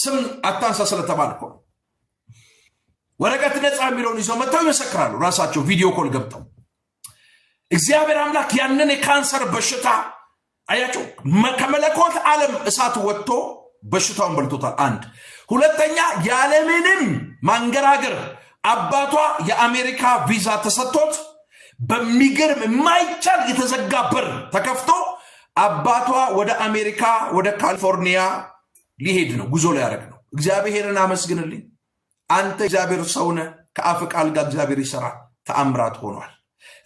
ስም አታንሳ ስለተባልኮ ወረቀት ነፃ የሚለውን ይዘው መጥተው ይመሰክራሉ። ራሳቸው ቪዲዮ ኮል ገብተው እግዚአብሔር አምላክ ያንን የካንሰር በሽታ አያቸው ከመለኮት ዓለም እሳት ወጥቶ በሽታውን በልቶታል። አንድ ሁለተኛ፣ ያለምንም ማንገራገር አባቷ የአሜሪካ ቪዛ ተሰጥቶት በሚገርም የማይቻል የተዘጋ በር ተከፍቶ አባቷ ወደ አሜሪካ ወደ ካሊፎርኒያ ሊሄድ ነው፣ ጉዞ ሊያደርግ ነው። እግዚአብሔርን አመስግንልኝ። አንተ እግዚአብሔር ሰውነ ከአፍ ቃል ጋር እግዚአብሔር ይሰራ ተአምራት ሆኗል።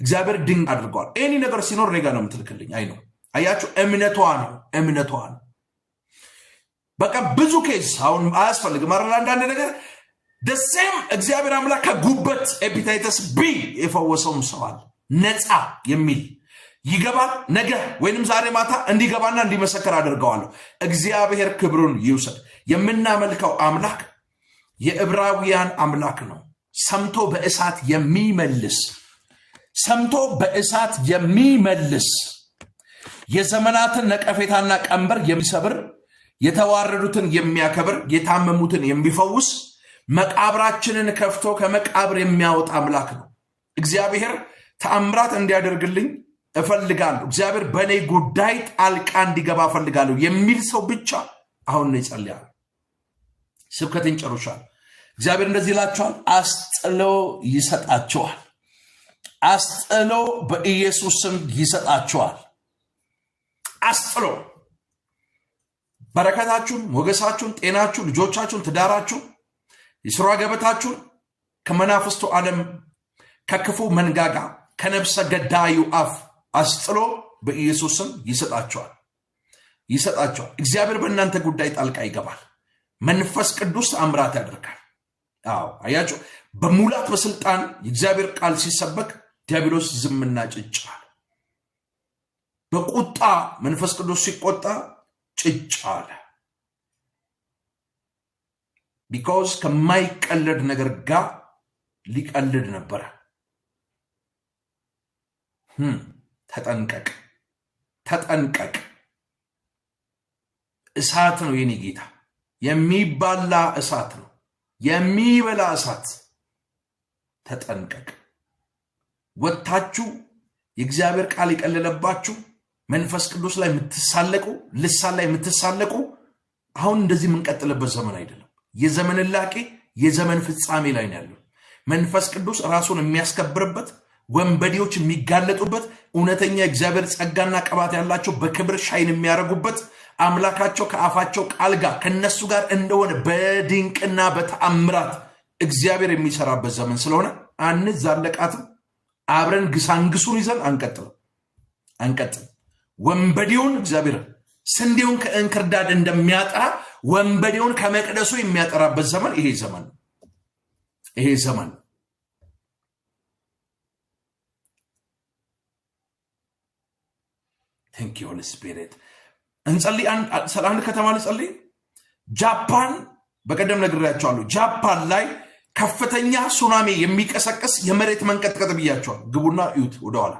እግዚአብሔር ድንቅ አድርገዋል። ይህኒ ነገር ሲኖር እኔ ጋር ነው የምትልክልኝ። አይ ነው አያችሁ፣ እምነቷ ነው እምነቷ ነው። በቃ ብዙ ኬዝ አሁን አያስፈልግም አይደል? አንዳንድ ነገር ደሴም እግዚአብሔር አምላክ ከጉበት ኤፒታይተስ ቢ የፈወሰውም ሰዋል ነፃ የሚል ይገባል። ነገ ወይንም ዛሬ ማታ እንዲገባና እንዲመሰከር አድርገዋለሁ። እግዚአብሔር ክብሩን ይውሰድ። የምናመልከው አምላክ የዕብራውያን አምላክ ነው። ሰምቶ በእሳት የሚመልስ ሰምቶ በእሳት የሚመልስ የዘመናትን ነቀፌታና ቀንበር የሚሰብር የተዋረዱትን የሚያከብር የታመሙትን የሚፈውስ መቃብራችንን ከፍቶ ከመቃብር የሚያወጣ አምላክ ነው። እግዚአብሔር ተአምራት እንዲያደርግልኝ እፈልጋለሁ እግዚአብሔር በእኔ ጉዳይ ጣልቃ እንዲገባ እፈልጋለሁ የሚል ሰው ብቻ አሁን ነው ይጸልያል። ስብከትን ጨርሻል። እግዚአብሔር እንደዚህ ይላቸዋል፣ አስጥሎ ይሰጣቸዋል። አስጥሎ በኢየሱስ ስም ይሰጣቸዋል። አስጥሎ በረከታችሁን፣ ሞገሳችሁን፣ ጤናችሁን፣ ልጆቻችሁን፣ ትዳራችሁን፣ የስራ ገበታችሁን ከመናፍስቱ ዓለም ከክፉ መንጋጋ ከነብሰ ገዳዩ አፍ አስጥሎ በኢየሱስ ስም ይሰጣቸዋል ይሰጣቸዋል። እግዚአብሔር በእናንተ ጉዳይ ጣልቃ ይገባል። መንፈስ ቅዱስ አምራት ያደርጋል። አዎ አያችሁ፣ በሙላት በስልጣን የእግዚአብሔር ቃል ሲሰበክ ዲያብሎስ ዝምና ጭጫል። በቁጣ መንፈስ ቅዱስ ሲቆጣ ጭጫል አለ። ቢካውዝ ከማይቀለድ ነገር ጋር ሊቀልድ ነበረ። ተጠንቀቅ፣ ተጠንቀቅ። እሳት ነው የኔ ጌታ፣ የሚባላ እሳት ነው፣ የሚበላ እሳት። ተጠንቀቅ። ወጥታችሁ የእግዚአብሔር ቃል የቀለለባችሁ መንፈስ ቅዱስ ላይ የምትሳለቁ ልሳን ላይ የምትሳለቁ አሁን እንደዚህ የምንቀጥልበት ዘመን አይደለም። የዘመን ላቄ የዘመን ፍጻሜ ላይ ነው ያለው። መንፈስ ቅዱስ ራሱን የሚያስከብርበት ወንበዴዎች የሚጋለጡበት እውነተኛ እግዚአብሔር ጸጋና ቅባት ያላቸው በክብር ሻይን የሚያደርጉበት አምላካቸው ከአፋቸው ቃል ጋር ከነሱ ጋር እንደሆነ በድንቅና በተአምራት እግዚአብሔር የሚሰራበት ዘመን ስለሆነ አንዛለቃትም። አብረን ግሳንግሱን ይዘን አንቀጥል አንቀጥል። ወንበዴውን እግዚአብሔር ስንዴውን ከእንክርዳድ እንደሚያጠራ ወንበዴውን ከመቅደሱ የሚያጠራበት ዘመን ይሄ ዘመን ይሄ ዘመን ነው። ቴንክ ዩ ሆሊ ስፒሪት። እንጸልይ። አንድ ከተማ ልጸልይ። ጃፓን በቀደም ነግሬያቸዋለሁ። ጃፓን ላይ ከፍተኛ ሱናሚ የሚቀሰቅስ የመሬት መንቀጥቀጥ ብያቸዋል። ግቡና እዩት ወደኋላ።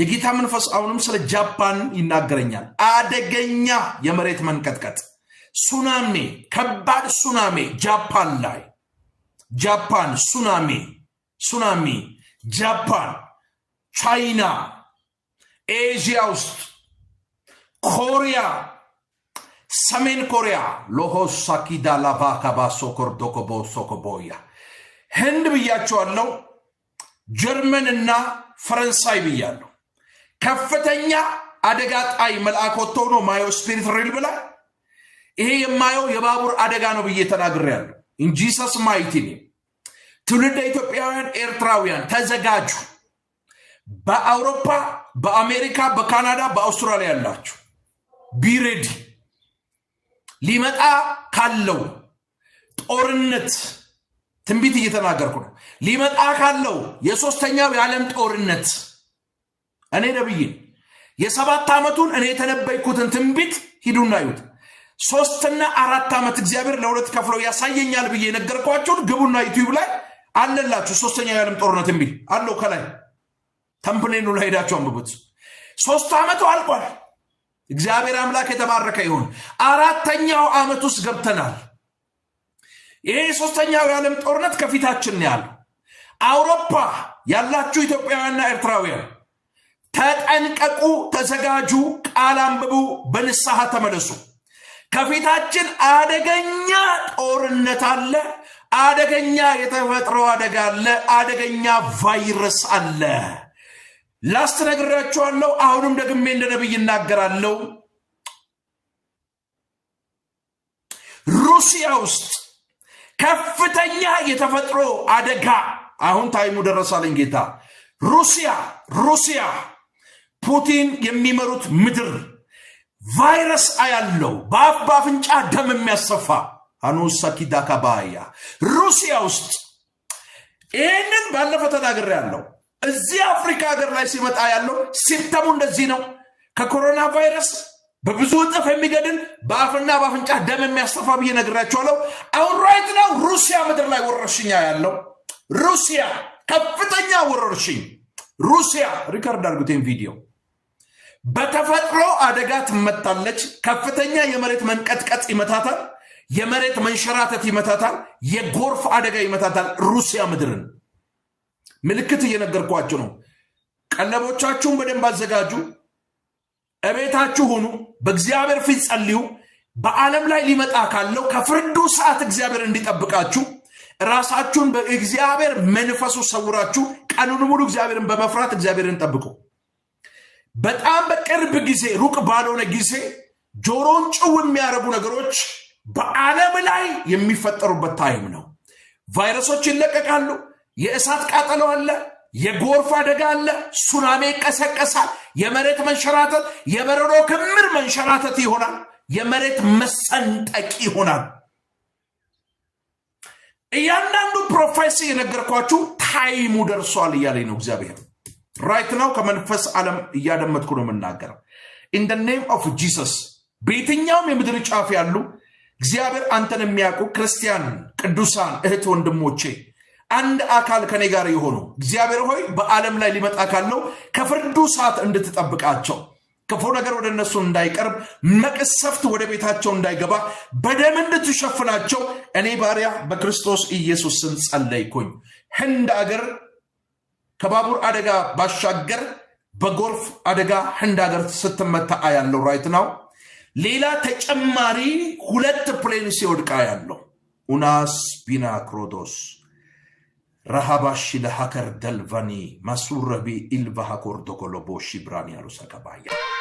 የጌታ መንፈስ አሁንም ስለ ጃፓን ይናገረኛል። አደገኛ የመሬት መንቀጥቀጥ፣ ሱናሜ፣ ከባድ ሱናሜ ጃፓን ላይ ጃፓን ሱናሜ ሱናሚ ጃፓን ቻይና ኤዥያ ውስጥ ኮሪያ ሰሜን ኮሪያ ሎሆሳኪዳ ላቫካባ ሶኮርዶኮቦ ሶኮቦያ ህንድ ብያቸዋለሁ። ጀርመንና ፈረንሳይ ብያለሁ። ከፍተኛ አደጋ ጣይ መልአክ ወጥቶ ነው ማየው ስፒሪት ሪል ብላ ይሄ የማየው የባቡር አደጋ ነው ብዬ ተናግሬያለሁ። ኢንጂሰስ ማይቲ ትውልደ ኢትዮጵያውያን ኤርትራውያን ተዘጋጁ። በአውሮፓ በአሜሪካ በካናዳ በአውስትራሊያ ያላችሁ ቢሬዲ ሊመጣ ካለው ጦርነት ትንቢት እየተናገርኩ ነው። ሊመጣ ካለው የሶስተኛው የዓለም ጦርነት እኔ ነብይን የሰባት ዓመቱን እኔ የተነበይኩትን ትንቢት ሂዱና እዩት። ሶስትና አራት ዓመት እግዚአብሔር ለሁለት ከፍለው ያሳየኛል ብዬ የነገርኳቸውን ግቡና ዩቲዩብ ላይ አለላችሁ። ሶስተኛው የዓለም ጦርነት የሚል አለው ከላይ ተምፕኔኑ ላይ ሄዳችሁ አንብቡት። ሶስት ዓመቱ አልቋል። እግዚአብሔር አምላክ የተባረከ ይሁን። አራተኛው ዓመት ውስጥ ገብተናል። ይሄ ሶስተኛው የዓለም ጦርነት ከፊታችን ያለው አውሮፓ ያላችሁ ኢትዮጵያውያንና ኤርትራውያን ተጠንቀቁ፣ ተዘጋጁ፣ ቃል አንብቡ፣ በንስሐ ተመለሱ። ከፊታችን አደገኛ ጦርነት አለ። አደገኛ የተፈጥሮ አደጋ አለ። አደገኛ ቫይረስ አለ። ላስት ነግራችኋለሁ። አሁንም ደግሜ እንደ ነቢይ እናገራለሁ። ሩሲያ ውስጥ ከፍተኛ የተፈጥሮ አደጋ አሁን ታይሙ ደረሳለኝ ጌታ። ሩሲያ ሩሲያ ፑቲን የሚመሩት ምድር ቫይረስ አያለው በአፍ በአፍንጫ ደም የሚያሰፋ አኑሳኪዳካባያ ሩሲያ ውስጥ ይህንን ባለፈ ተናግሬ ያለው እዚህ አፍሪካ ሀገር ላይ ሲመጣ ያለው ሲምተሙ እንደዚህ ነው። ከኮሮና ቫይረስ በብዙ እጥፍ የሚገድል በአፍና በአፍንጫ ደም የሚያስተፋ ብዬ ነግራቸዋለሁ። አሁን ራይት ነው ሩሲያ ምድር ላይ ወረርሽኛ ያለው ሩሲያ ከፍተኛ ወረርሽኝ ሩሲያ ሪከርድ አድርጉትን ቪዲዮ በተፈጥሮ አደጋ ትመታለች። ከፍተኛ የመሬት መንቀጥቀጥ ይመታታል። የመሬት መንሸራተት ይመታታል። የጎርፍ አደጋ ይመታታል ሩሲያ ምድርን ምልክት እየነገርኳችሁ ነው። ቀለቦቻችሁን በደንብ አዘጋጁ። እቤታችሁ ሁኑ። በእግዚአብሔር ፊት ጸልዩ። በዓለም ላይ ሊመጣ ካለው ከፍርዱ ሰዓት እግዚአብሔር እንዲጠብቃችሁ ራሳችሁን በእግዚአብሔር መንፈሱ ሰውራችሁ ቀኑን ሙሉ እግዚአብሔርን በመፍራት እግዚአብሔርን ጠብቁ። በጣም በቅርብ ጊዜ ሩቅ ባልሆነ ጊዜ ጆሮን ጭው የሚያረጉ ነገሮች በዓለም ላይ የሚፈጠሩበት ታይም ነው። ቫይረሶች ይለቀቃሉ። የእሳት ቃጠሎ አለ፣ የጎርፍ አደጋ አለ፣ ሱናሜ ይቀሰቀሳል፣ የመሬት መንሸራተት፣ የበረዶ ክምር መንሸራተት ይሆናል፣ የመሬት መሰንጠቅ ይሆናል። እያንዳንዱ ፕሮፌሲ የነገርኳችሁ ታይሙ ደርሷል እያለኝ ነው እግዚአብሔር። ራይት ነው ከመንፈስ ዓለም እያደመጥኩ ነው የምናገረው። ኢን ደ ኔም ኦፍ ጂሰስ በየትኛውም የምድር ጫፍ ያሉ እግዚአብሔር አንተን የሚያውቁ ክርስቲያን ቅዱሳን እህት ወንድሞቼ አንድ አካል ከኔ ጋር የሆነው እግዚአብሔር ሆይ በዓለም ላይ ሊመጣ ካለው ከፍርዱ ሰዓት እንድትጠብቃቸው ክፉ ነገር ወደ እነሱ እንዳይቀርብ መቅሰፍት ወደ ቤታቸው እንዳይገባ በደም እንድትሸፍናቸው እኔ ባሪያ በክርስቶስ ኢየሱስ ስም ጸለይኩኝ። ህንድ አገር ከባቡር አደጋ ባሻገር በጎርፍ አደጋ ህንድ አገር ስትመታ ያለው ራይት ነው። ሌላ ተጨማሪ ሁለት ፕሌን ሲወድቃ ያለው ኡናስ ቢናክሮዶስ rahabashi lahakar dalvani masurrabi ilvaha kortokolobo shibrani alusakabaya